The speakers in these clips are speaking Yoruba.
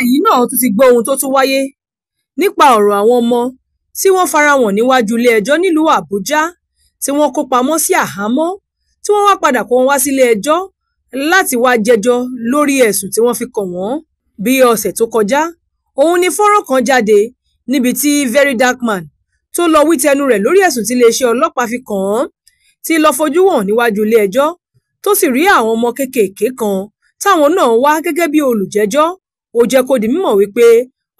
ẹ̀yin náà tún ti gbọ́ ohun tó tún wáyé nípa ọ̀rọ̀ àwọn ọmọ tí wọ́n farahàn níwájú ilé-ẹjọ́ nílùú Àbújá tí wọ́n kó pamọ́ sí àhámọ́ tí wọ́n wá padà kó wọn wá sílé-ẹjọ́ láti wá jẹ́jọ́ lórí ẹ̀sùn tí wọ́n fi kàn wọ́n. Bí ọ̀sẹ̀ tó kọjá, òun ni fọ́nrán kan jáde níbi tí Very Dark Man tó lọ wí tẹnu rẹ̀ lórí ẹ̀sùn tí iléeṣẹ́ ọlọ́pàá fi kàn án ti lọ fojú hàn níwájú ilé-ẹjọ́ tó sì rí àwọn ọmọ kéékèèké kan táwọn náà wá gẹ́gẹ́ bí olùjẹ́jọ́ ó jẹ́ kó di mímọ̀ wípé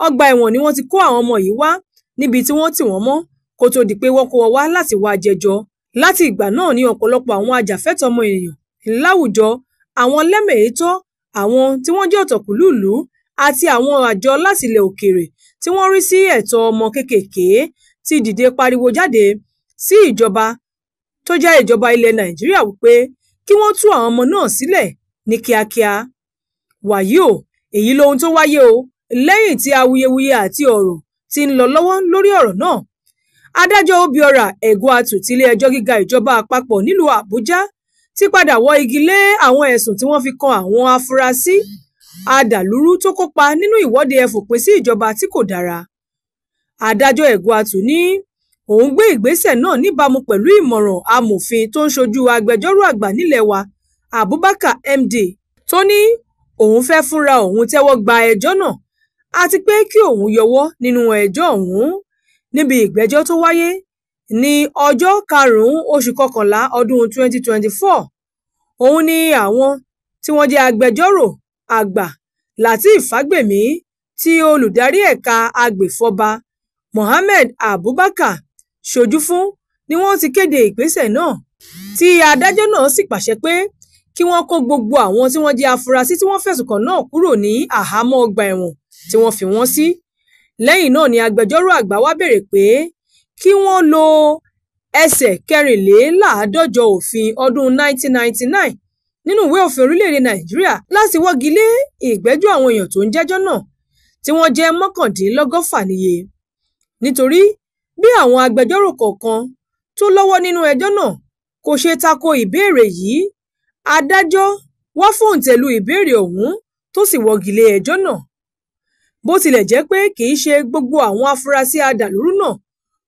ọgbà ẹ̀wọ̀n ni wọ́n ti kó àwọn ọmọ yìí wá níbi tí wọ́n tì wọ́n mọ́ kó tó di pé wọ́n kó wọn wá láti wá jẹjọ́ láti ìgbà náà ni ọ̀pọ̀lọpọ̀ àwọn ajàfẹ́tọ̀ọ́ ọmọ ènìyàn láwùjọ àwọn lẹ́mẹ̀ẹ́tọ́ àwọn tí wọ́n jẹ́ ọ̀tọ̀kùlúùlú àti àwọn àjọ láti ilẹ̀ òkèèrè tí wọ́n rí sí ẹ̀tọ́ ọmọ kéékèèké ti dìde pariwo jáde sí ìjọba tó jẹ́ ìjọba ilẹ̀ Nàìjíríà wípé kí wọ́n tú àwọn ọmọ náà sílẹ̀ ní kíákíá wàyí o èyí lohun tó wáyé o lẹ́yìn tí awuyewuye àti ọ̀rọ̀ ti ń lọ lọ́wọ́ lórí ọ̀rọ̀ náà adájọ́ obiora ẹ̀gúàtù tiléẹjọ́ gíga ìjọba àpapọ̀ nílùú àbújá ti padà wọ́ igi lé àwọn ẹ̀sùn tí wọ́n fi kan àwọn afurasí adàlúrú tó kópa nínú ìwọ́de ẹfòpin sí ìjọba tí kò dára adájọ́ ẹ̀gúàtù ní òun gbé ìgbésẹ̀ náà níbàámu pẹ̀lú ìmọ̀ràn amòfin tó ń ṣojú agbẹjọ́rò àgbà nílẹ̀ wa abubakar md tó ní òun fẹ́ fúnra òun tẹ́wọ́ gba ẹjọ́ náà àti pé kí òun yọwọ́ nínú ẹjọ́ ọ̀hún níbi ìgbẹ́jọ́ tó wáyé ní ọjọ́ karùn-ún oṣù kọkànlá ọdún 2024 òun ni àwọn tí wọ́n jẹ́ agbẹjọ́rò àgbà Lateef Fagbemi tí olùdarí ẹ̀ka agbèfọ́ba Mohammed Abubakar ṣojú fún ni wọ́n ti kéde ìgbésẹ̀ náà tí adájọ́ náà sì pàṣẹ pé kí wọ́n kó gbogbo àwọn tí wọ́n jẹ́ afurasí tí wọ́n fẹ̀sùn kàn náà kúrò ní àhámọ́ ọgbà ẹ̀wọ̀n tí wọ́n fi wọ́n sí. Lẹ́yìn náà ni agbẹjọ́rò àgbà wá bèèrè pé kí wọ́n lo ẹsẹ̀ kẹrìnléláàádọ́jọ òfin ọdún 1999 nínú ìwé òfin orílẹ̀-èdè Nàìjíríà láti wọ́gi lé ìgbẹ́jọ́ àwọn èèyàn tó ń jẹ́jọ́ náà tí wọ́n jẹ́ mọ́kàndínlọ́gọ́fà níye. Nítorí bí àwọn agbẹjọ́rò kọ̀ọ̀kan tó lọ́wọ́ nínú ẹjọ́ náà kò ṣe tako ìbéèrè yìí Adájọ́ wọ́ fòǹtẹ̀ lu ìbéèrè ọ̀hún tó sì wọ́gilé ẹjọ́ náà, bó tilẹ̀ jẹ́ pé kìí ṣe gbogbo àwọn afurasí adàlúrú náà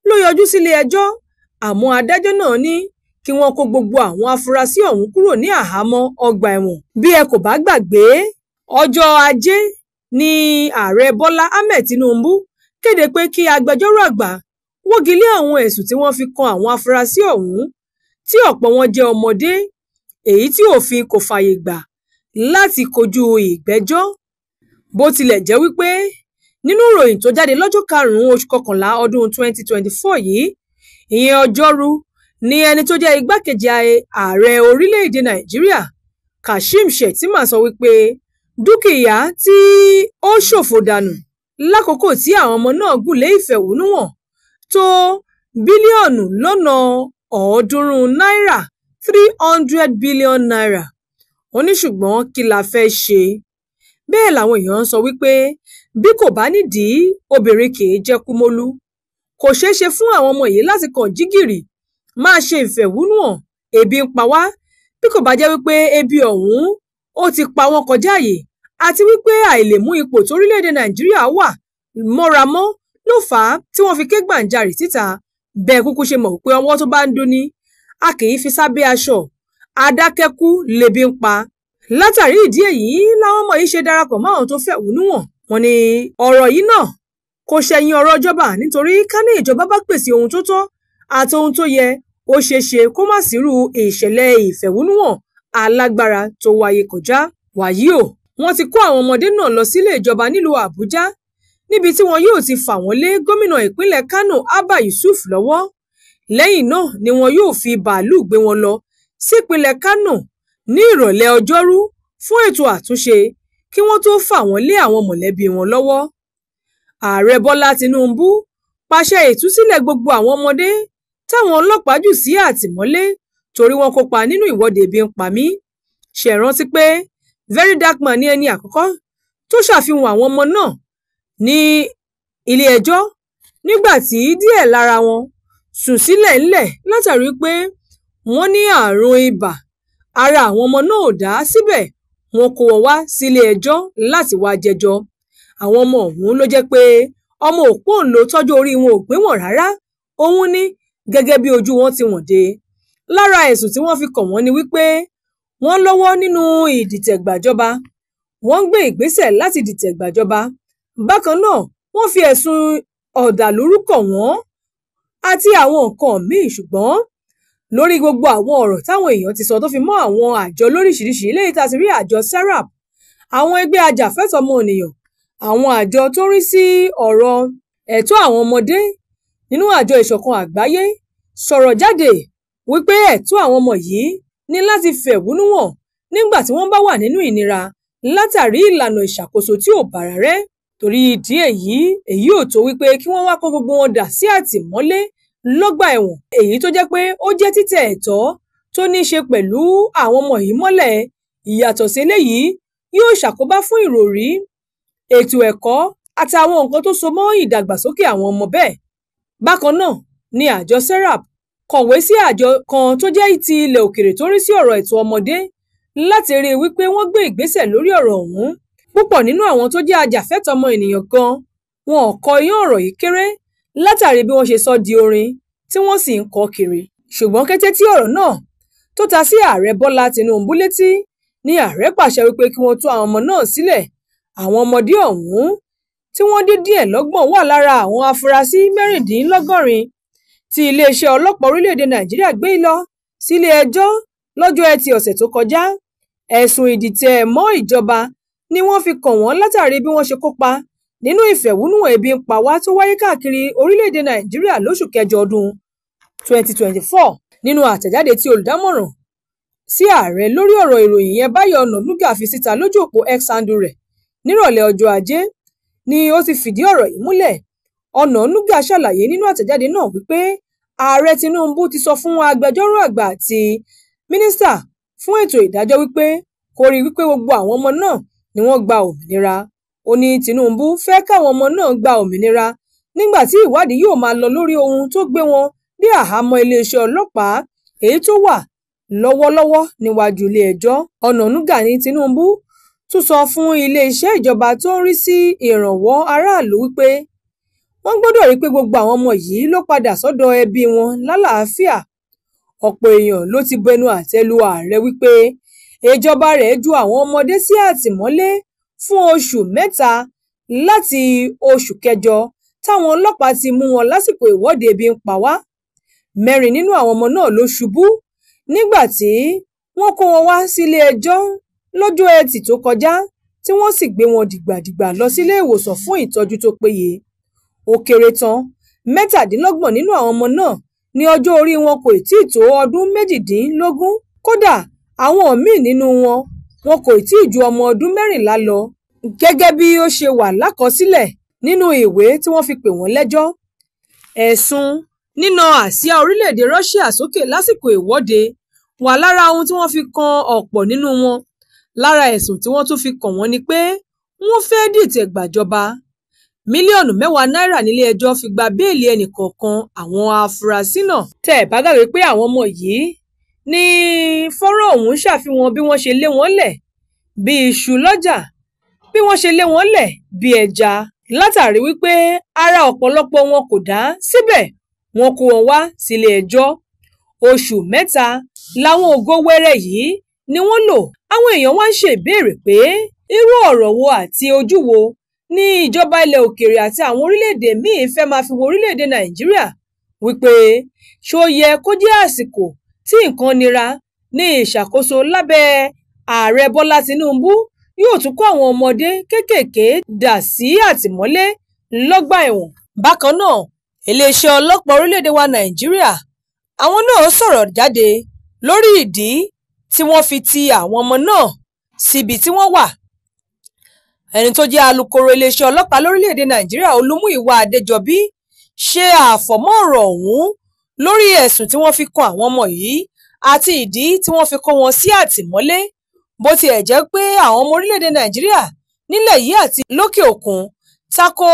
ló yọjú sílé ẹjọ́ àmọ́ adájọ́ náà ní kí wọ́n kó gbogbo àwọn afurasí ọ̀hún kúrò ní àhámọ́ ọgbà ẹ̀wọ̀n. Bí ẹ kò bá gbàgbé, ọjọ́ Ajé ni Ààrẹ Bọ́lá Ahmed Tinubu kéde pé kí agbẹjọ́rò àgbà wọ́gilé àwọn ẹ̀sùn tí wọ́n fi kan àwọn afurasí ọ̀hún tí ọ̀pọ̀ wọn jẹ́ ọmọdé èyí tí òfin kò fààyè gbà láti kojú ìgbẹ́jọ́. Bó tilẹ̀ jẹ́ wípé nínú ìròyìn tó jáde lọ́jọ́ karùn-ún oṣù kọkànlá ọdún 2024 yìí, ìyẹn Ọjọ́rú, ni ẹni tó jẹ́ igbákejì ààrẹ orílẹ̀-èdè Nàìjíríà, Kashim Shettima sọ wípé dúkìá tí ó ṣòfò dànù lákòókò tí àwọn ọmọ náà gùn lé ìfẹ̀hónúhàn tó bílíọ̀nù lọ́nà ọ̀ọ́dúnrún náírà three hundred billion naira ó ní ṣùgbọ́n kí la fẹ́ẹ́ ṣe bẹ́ẹ̀ làwọn èèyàn ń sọ wípé bí kò bá nídìí obìnrin kì í jẹ́ kúmólú kò ṣeé ṣe fún àwọn ọmọ yìí láti kàn jí gìrì máa ṣe ìfẹ̀hónúhàn ebi ń pa wá bí kò bá jẹ́ wípé ebi ọ̀hún ó ti pa wọ́n kọjá yìí àti wípé àìlèmú ipò torílẹ̀ nàìjíríà wà mọ́ra ló fà á tí wọ́n fi ké gbàǹjarì síta bẹ́ẹ̀ kúkú ṣe mọ̀ pé ọwọ́ tó bá ń dún ni a kì í fi sábẹ́ aṣọ adákẹ́kù lebi ń pa látàrí ìdí èyí làwọn ọmọ yìí ṣe darapọ̀ mọ́ àwọn tó fẹ̀hónú hàn wọ́n ní ọ̀rọ̀ yìí náà kò ṣẹ̀yìn ọ̀rọ̀ ìjọba nítorí ká ní ìjọba bá pèsè ohun tó tọ́ àti ohun tó yẹ ó ṣeé ṣe kó má sírú ìṣẹ̀lẹ̀ ìfẹ̀hónúhàn alágbára tó wáyé kọjá wàyí o wọ́n ti kó àwọn ọmọdé náà lọ sílé ìjọba nílùú Àbújá níbi tí wọn yóò ti fà wọ́n lé gómìnà ìpínlẹ̀ Kánò Abba Yusuf lọ́wọ́ lẹ́yìn náà ni wọn yóò fi bàálùú gbé wọn lọ sípínlẹ̀ kánò ní ìrọ̀lẹ́ ọjọ́rú fún ètò àtúnṣe kí wọ́n tó fà wọ́n lé àwọn mọ̀lẹ́bí wọn lọ́wọ́ ààrẹ bọ́lá tinubu pàṣẹ ìtúsílẹ̀ gbogbo àwọn ọmọdé táwọn ọlọ́pàá jù sí àtìmọ́lé torí wọn kópa nínú ìwọ́de ebi ń pa mí ṣèrántí pé very dark man ní ẹni àkọ́kọ́ tó ṣàfihàn àwọn ọmọ náà ní ilé ẹjọ́ nígbà tí díẹ̀ lára wọn sùn sílẹ̀ ńlẹ̀ látàrí pé wọ́n ní àrùn ibà ara àwọn ọmọ náà ò dá síbẹ̀ wọ́n kó wọn wá sílé-ẹjọ́ láti wáá jẹjọ́ àwọn ọmọ ọ̀hún ló jẹ́ pé ọmọ òpóǹlò tọ́jú orí wọn ò gbéwọ̀n rárá òun ní gẹ́gẹ́ bí ojú wọn ti wọ̀n dé lára ẹ̀sùn tí wọ́n fi kàn wọ́n ni wípé wọ́n lọ́wọ́ nínú ìdìtẹ̀gbàjọba wọ́n ń gbé ìgbésẹ̀ láti dìtẹ̀gbàjọba bákan náà wọ́n fi ẹ̀sùn ọ̀dàlúrú kàn wọ́n àti àwọn nǹkan míì ṣùgbọ́n lórí gbogbo àwọn ọ̀rọ̀ táwọn èèyàn ti sọ tó fi mọ́ àwọn àjọ lóríṣiríṣi eléyìí tá a ti rí àjọ SERAP àwọn ẹgbẹ́ ajàfẹ́tọ̀ọ́ àwọn àjọ tó rí sí ọ̀rọ̀ ẹ̀tọ́ àwọn ọmọdé nínú àjọ ìṣọ̀kan àgbáyé sọ̀rọ̀ jáde wípé ẹ̀tọ́ àwọn ọmọ yìí ní láti fẹ̀hónú hàn nígbà tí wọ́n bá wà nínú ìnira látàrí ìlànà ìṣàkóso tí ò bàrà rẹ́ torí ìdí èyí èyí ò tó wípé kí wọ́n wá kó gbogbo wọn dà sí àtìmọ́lé lọ́gbà ẹ̀wọ̀n èyí tó jẹ́ pé ó jẹ́ títẹ̀ ẹ̀tọ́ tó ní í ṣe pẹ̀lú àwọn ọmọ yìí mọ́lẹ̀ ìyàtọ̀ sí eléyìí yóò ṣàkóbá fún ìròrí ètò ẹ̀kọ́ àtàwọn nǹkan tó so mọ́ ìdàgbàsókè àwọn ọmọ bẹ́ẹ̀ bákan náà ni àjọ serap kọ̀wé sí àjọ kan tó jẹ́ ti ilẹ̀ òkèrè tó rí sí ọ̀rọ̀ ẹ̀tọ́ ọmọdé láti rí i wípé wọ́n gbé ìgbésẹ̀ lórí ọ̀rọ̀ ọ̀hún púpọ̀ nínú àwọn tó jẹ́ ajàfẹ́tọ̀ọ́ ọmọnìyàn gan wọn ò kọyán ọ̀rọ̀ yìí kéré látàrí bí wọ́n ṣe sọ di orin tí wọ́n sì ń kọ kiri ṣùgbọ́n kété tí ọ̀rọ̀ náà tó ta sí ààrẹ Bọ́lá Tinubu létí ni ààrẹ pàṣẹ wípé kí wọ́n tú àwọn ọmọ náà sílẹ̀ àwọn ọmọdé ọ̀hún tí wọ́n dé díẹ̀ lọ́gbọ̀n wà lára àwọn afurasí mẹ́rìndínlọ́gọ́rin tí iléeṣẹ́ ọlọ́pàá orílẹ̀-èdè Nàìjíríà gbé lọ sílé ẹjọ́ lọ́jọ́ ẹtì ọ̀sẹ̀ tó kọjá ẹ̀sùn ìdìtẹ̀ mọ́ ìjọba ni wọ́n fi kàn wọ́n látàrí bí wọ́n ṣe kópa nínú ìfẹ̀hónúhàn ebi ń pa wá tó wáyé káàkiri orílẹ̀-èdè Nàìjíríà lóṣù kẹjọ ọdún 2024 nínú àtẹ̀jáde tí olùdámọ̀ràn sí ààrẹ lórí ọ̀rọ̀ ìròyìn yẹn Báyọ̀ Ọ̀nànúgà fi síta lójú òpó X handle rẹ̀ nírọ̀lẹ́ ọjọ́ ajé ni ó ti fìdí ọ̀rọ̀ yìí múlẹ̀ Ọ̀nànúgà ṣàlàyé nínú àtẹ̀jáde náà wípé ààrẹ Tinubu ti sọ fún agbẹjọ́rò àgbà àti mínísítà fún ètò ìdájọ́ wípé kó rí wípé gbogbo àwọn ọmọ náà ni wọ́n gba òmìnira. Ó ní Tinubu fẹ́ káwọn ọmọ náà gba òmìnira nígbà tí ìwádìí yóò máa lọ lórí ohun tó gbé wọn dé àhámọ́ iléeṣẹ́ ọlọ́pàá èyí tó wà lọ́wọ́lọ́wọ́ níwájú ilé-ẹjọ́. Ọ̀nànúgà ni Tinubu tún sọ fún ilé-iṣẹ́ ìjọba tó ń rí sí ìrànwọ́ aráàlú wípé wọ́n gbọ́dọ̀ rí pé gbogbo àwọn ọmọ yìí ló padà sọ́dọ̀ ẹbí wọn lálàáfíà. Ọ̀pọ̀ èèyàn ló ti bu ẹnu ààrẹ wípé ìjọba rẹ̀ ju àwọn ọmọdé sí àtìmọ́lé fún oṣù mẹ́ta láti oṣù kẹjọ táwọn ọlọ́pàá ti mú wọn lásìkò ìwọ́de Ebi ń pa wá. Mẹ́rin nínú àwọn ọmọ náà ló ṣubú nígbà tí wọ́n kó wọn wá sílé ẹjọ́ lọ́jọ́ Ẹtì tó kọjá tí wọ́n sì gbé wọn dìgbàdìgbà lọ sílé ìwòsàn fún ìtọ́jú tó péye. Ó kéré tán, mẹ́tàdínlọ́gbọ̀n nínú àwọn ọmọ náà ní ọjọ́ orí wọn kò tíì tó ọdún méjìdínlógún, kódà Àwọn míì nínú wọn, wọn kò tíì ju ọmọ ọdún mẹ́rìnlá lọ, gẹ́gẹ́ bí ó ṣe wà lákọsílẹ̀ nínú ìwé tí wọ́n fi pè wọ́n lẹ́jọ́. Ẹ̀sùn "nína àsíá orílẹ̀-èdè Russia sókè lásìkò ìwọ́de" wà lára ohun tí wọ́n fi kan ọ̀pọ̀ nínú wọn. Lára ẹ̀sùn tí wọ́n tún fi kàn wọ́n ni pé wọ́n fẹ́ dìtẹ̀ gbàjọba. Mílíọ̀nù mẹ́wàá náírà nílé ẹjọ́ fi gba béèlì ẹnì kọ̀ọ̀kan àwọn afurasí náà. Tẹ́ ẹ bá gbàgbé pé àwọn ọmọ yìí Ni fọ́nrán ọ̀hún ṣàfihàn bí wọ́n ṣe lé wọn lẹ̀ bí iṣu lọ́jà bí wọ́n ṣe lé wọn lẹ̀ bí ẹja látàrí wípé ara ọ̀pọ̀lọpọ̀ wọn kò dá síbẹ̀ wọn kó wọn wá sílé ẹjọ́ oṣù mẹ́ta làwọn ògo wẹ́rẹ́ yìí ni wọ́n lò àwọn èèyàn wá ń ṣe ìbéèrè pé irú ọ̀rọ̀ wo àti ojú wo ní ìjọba ilẹ̀ òkèèrè àti àwọn orílẹ̀-èdè míì fẹ́ máa fi wo orílẹ̀-èdè Nàìjíríà wípé ṣó yẹ kó jẹ́ àsìkò tí nǹkan nira ní ìṣàkóso lábẹ́ ààrẹ Bọ́lá Tinubu yóò tún kó àwọn ọmọdé kéékèèké dà sí àtìmọ́lé lọ́gbà ẹ̀wọ̀n. Bákan náà, iléeṣẹ́ ọlọ́pàá orílẹ̀-èdè wa Nàìjíríà àwọn náà sọ̀rọ̀ jáde lórí ìdí tí wọ́n fi ti àwọn ọmọ náà síbi tí wọ́n wà. Ẹni tó jẹ́ alukoro iléeṣẹ́ ọlọ́pàá lórílẹ̀-èdè Nàìjíríà Olúmúyìwá Adéjọbí ṣe àfọ̀mọ́ ọ̀rọ̀ ọ̀hún lórí ẹ̀sùn tí wọ́n fi kan àwọn ọmọ yìí àti ìdí tí wọ́n fi kó wọn sí àtìmọ́lé bó tiẹ̀ jẹ́ pé àwọn ọmọ orílẹ̀-èdè nàìjíríà nílẹ̀ yìí àti lókè òkun tako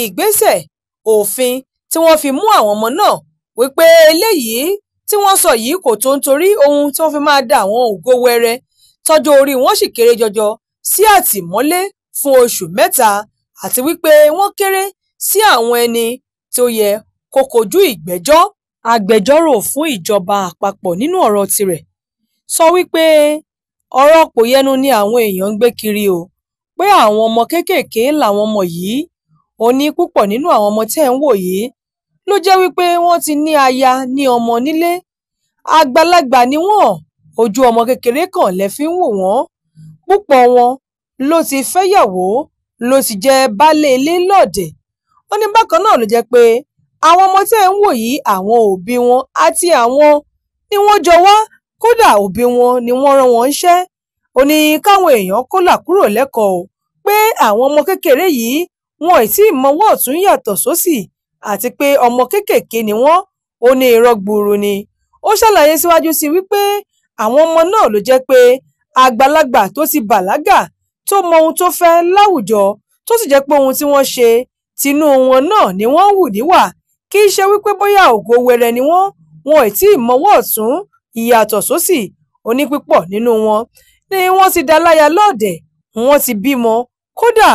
ìgbésẹ̀ òfin tí wọ́n fi mú àwọn ọmọ náà wípé eléyìí tí wọ́n sọ yìí kò tó ń torí ohun tí wọ́n fi máa da àwọn ògo wẹrẹ tọ́jọ́ orí wọn sì kéré jọjọ sí àtìmọ́lé fún oṣù mẹ́ta àti wípé wọ́n kéré sí àwọn ẹni tí yẹ kó kojú ìgbẹ́jọ́ agbẹjọ́rò fún ìjọba àpapọ̀ nínú ọ̀rọ̀ tirẹ̀ sọ wípé ọ̀rọ̀ pòyẹnu ni àwọn èèyàn ń gbé kiri o pé àwọn ọmọ kéékèèké làwọn ọmọ yìí ò ní púpọ̀ nínú àwọn ọmọ tẹ́ ń wò yìí ló jẹ́ wípé wọ́n ti ní aya ní ọmọ nílé àgbàlagbà ni wọ́n ojú ọmọ kékeré kan lẹ fi ń wò wọ́n púpọ̀ wọn ló ti fẹ́yàwó ló ti jẹ́ baálé ilé lọ́ọ̀dẹ̀ ó ní bákan náà ló jẹ́ pé Àwọn ọmọ tí ẹ̀ ń wò yìí, àwọn òbí wọn àti àwọn ni wọ́n jọ wá, kódà òbí wọn ni wọ́n rán wọn níṣẹ́. Ó ní káwọn èèyàn kó là kúrò lẹ́kọ̀ọ́, pé àwọn ọmọ kékeré yìí wọn ì tíì mọwọ́ ọ̀tún yàtọ̀ sósì àti pé ọmọ kéékèèké ni wọ́n, ó ní irọ́ gbuuru ni. Ó ṣàlàyé síwájú sí wípé àwọn ọmọ náà ló jẹ́ pé àgbàlagbà tó ti bàlágà, tó mọ ohun tó fẹ́ láwùjọ, tó sì jẹ́ pé ohun tí wọ́n ṣe, tinú wọn náà ni wọ́n ń níwà kì í ṣe wípé bóyá ògo wẹrẹ ni wọ́n wọn ì tí ì mọwọ́ ọ̀tún ìyàtọ̀ sósì onípípọ̀ nínú wọn ni wọ́n ti daláya lọ́ọ̀dẹ̀ wọ́n ti bímọ kódà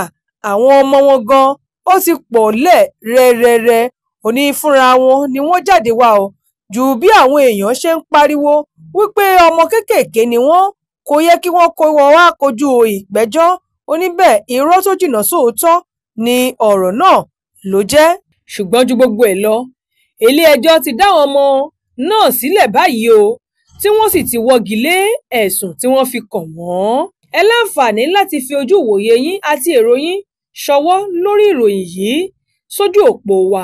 àwọn ọmọ wọn gan ó ti pọ̀ lẹ̀ rẹ́rẹ́rẹ́ òní fúnra wọn ni wọ́n jáde wá o jù bí àwọn èèyàn ṣe ń pariwo wípé ọmọ kéékèèké ni wọ́n kò yẹ kí wọ́n kó wọn wá kojú ìgbẹ́jọ́ oníbẹ̀ irọ́ tó jìnnà sóòótọ́ ni ọ̀rọ̀ náà ló jẹ́ ṣùgbọ́n ju gbogbo ẹ̀ lọ ilé ti dá àwọn ọmọ náà sílẹ̀ báyìí o tí wọ́n sì ti wọ́gi lé ẹ̀sùn tí wọ́n fi kàn wọ́n ẹ láǹfààní láti fi ojú ìwòye yín àti èrò yín ṣọwọ́ lórí ìròyìn yìí sójú òpó wa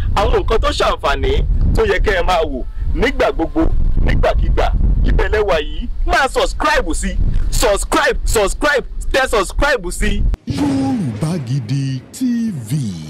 àwọn nǹkan tó ṣàǹfààní tó yẹ kẹ́ ẹ máa wò nígbà gbogbo nígbàkigbà ìbẹ̀lẹ́wà yìí máa subscribe sí subscribe subscribe tẹ subscribe sí. Yorùbá Gidi TV.